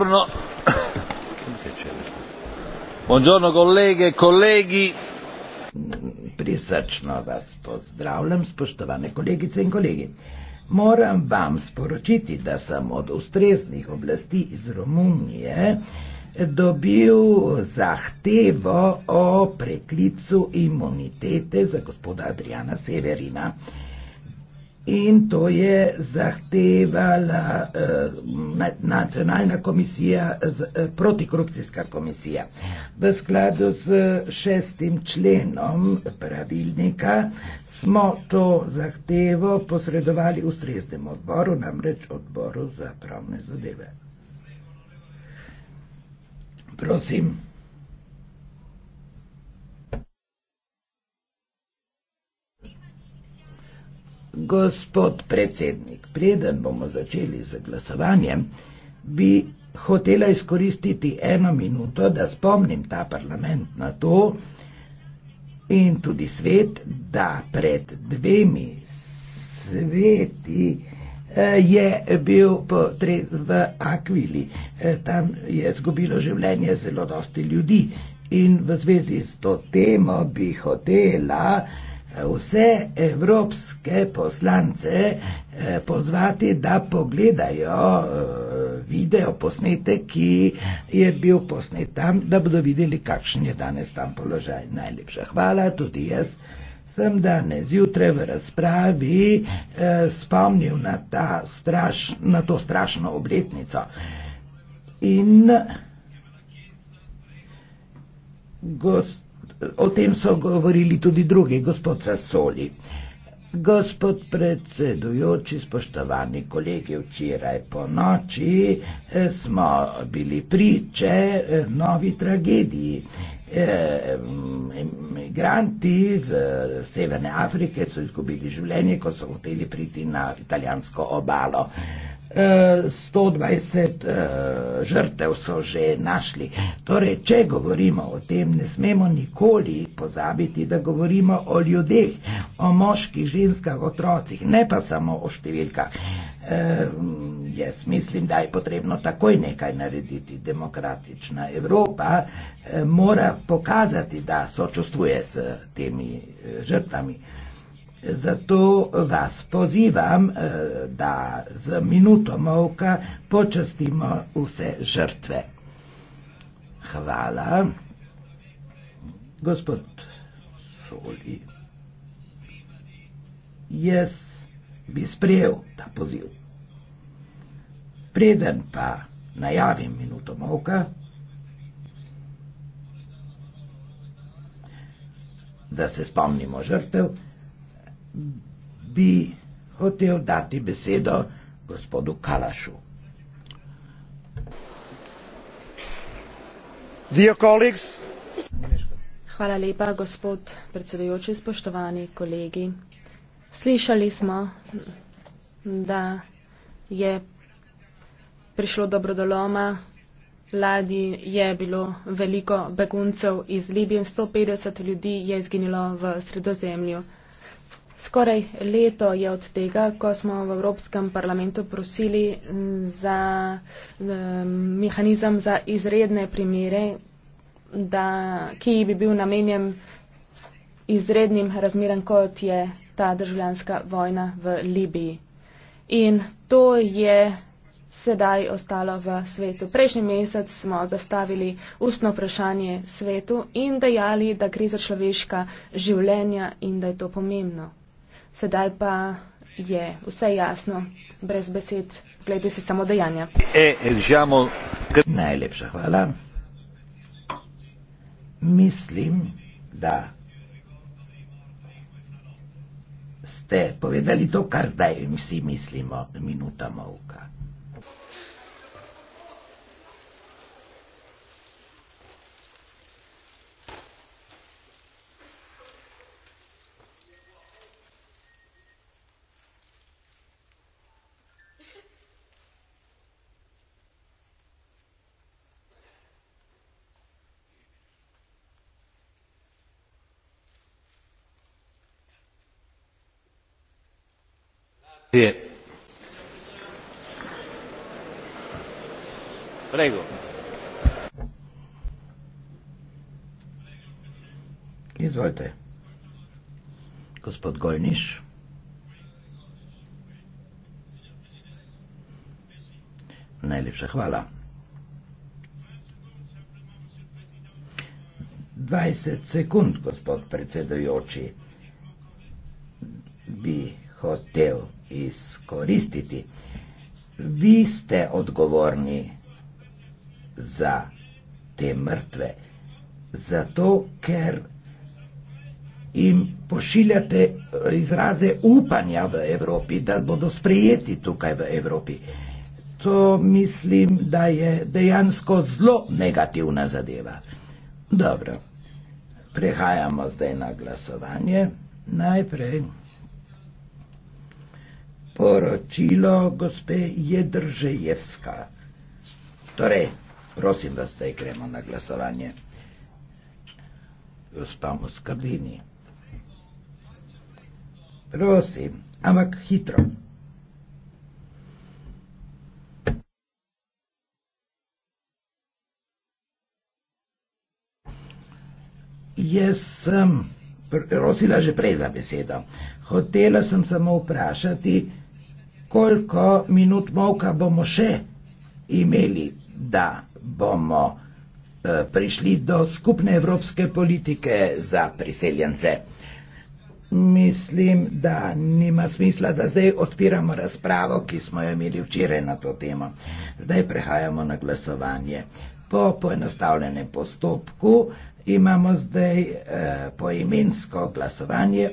aprono. Buongiorno colleghe e colleghi. Prisrčno vas pozdravljam, spoštovane kolegice in kolegi. Moram vam sporočiti, da sem od ustreznih oblasti iz Romunije dobil zahtevo o preklicu imunitete za gospoda Adriana Severina. In to je zahtevala eh, nacionalna komisija, eh, protikorupcijska komisija. V skladu s eh, šestim členom pravilnika smo to zahtevo posredovali ustreznemu odboru, namreč odboru za pravne zadeve. Prosim. Gospod predsednik, preden bomo začeli z glasovanjem, bi hotela izkoristiti eno minuto, da spomnim ta parlament na to in tudi svet, da pred dvemi sveti eh, je bil v Akvili. Eh, tam je zgubilo življenje zelo dosti ljudi. In v zvezi s to temo bi hotela vse evropske poslance eh, pozvati, da pogledajo eh, video posnetek, ki je bil posnet tam, da bodo videli, kakšen je danes tam položaj. Najlepša hvala, tudi jaz sem danes jutraj v razpravi eh, spomnil na, straš, na to strašno obletnico. In gost O tem so govorili tudi drugi, gospod Sasoli. Gospod predsedujoči, spoštovani kolegi, včeraj po noči eh, smo bili priče eh, novi tragediji. Eh, mm, imigranti z Severne Afrike so izgubili življenje, ko so hoteli priti na italijansko obalo. 120 eh, žrtev so že našli. Torej, če govorimo o tem, ne smemo nikoli pozabiti, da govorimo o ljudeh, o moških, ženskah, otrocih, ne pa samo o številkah. Eh, jaz mislim, da je potrebno takoj nekaj narediti. Demokratična Evropa eh, mora pokazati, da sočustvuje s temi žrtvami. Zato vas pozivam, eh, da z minuto molka počastimo vse žrtve. Hvala, gospod Soli. Jaz bi sprejel ta poziv. Preden pa najavim minuto molka, da se spomnimo žrtev bi hotel dati besedo gospodu Kalašu. Hvala lepa, gospod predsedujoči, spoštovani kolegi. Slišali smo, da je prišlo do brodoloma, vladi je bilo veliko beguncev iz Libije in 150 ljudi je izginilo v sredozemlju. Skoraj leto je od tega, ko smo v Evropskem parlamentu prosili za um, mehanizem za izredne primere, da, ki bi bil namenjen izrednim razmeram, kot je ta državljanska vojna v Libiji. In to je sedaj ostalo v svetu. Prejšnji mesec smo zastavili ustno vprašanje svetu in dejali, da gre za človeška življenja in da je to pomembno sedaj pa je vse jasno, brez besed, gledajte si samo dejanja. E, žamo, kr... Najlepša hvala. Mislim, da ste povedali to, kar zdaj vsi mislimo, minuta mavka. Izvolite, gospod Gojniš. Najlepša hvala. 20 sekund, gospod predsedujoči, bi hotel izkoristiti. Vi ste odgovorni za te mrtve, zato ker jim pošiljate izraze upanja v Evropi, da bodo sprejeti tukaj v Evropi. To mislim, da je dejansko zelo negativna zadeva. Dobro, prehajamo zdaj na glasovanje. Najprej sporočilo gospe Jedržejevska. Torej, prosim vas, da gremo na glasovanje. Gospa Moskardini. Prosim, ampak hitro. Jaz sem prosila že prej za besedo. Hotela sem samo vprašati, koliko minut molka bomo še imeli, da bomo eh, prišli do skupne evropske politike za priseljence. Mislim, da nima smisla, da zdaj odpiramo razpravo, ki smo jo imeli včeraj na to temo. Zdaj prehajamo na glasovanje. Po poenostavljenem postopku imamo zdaj eh, poimensko glasovanje.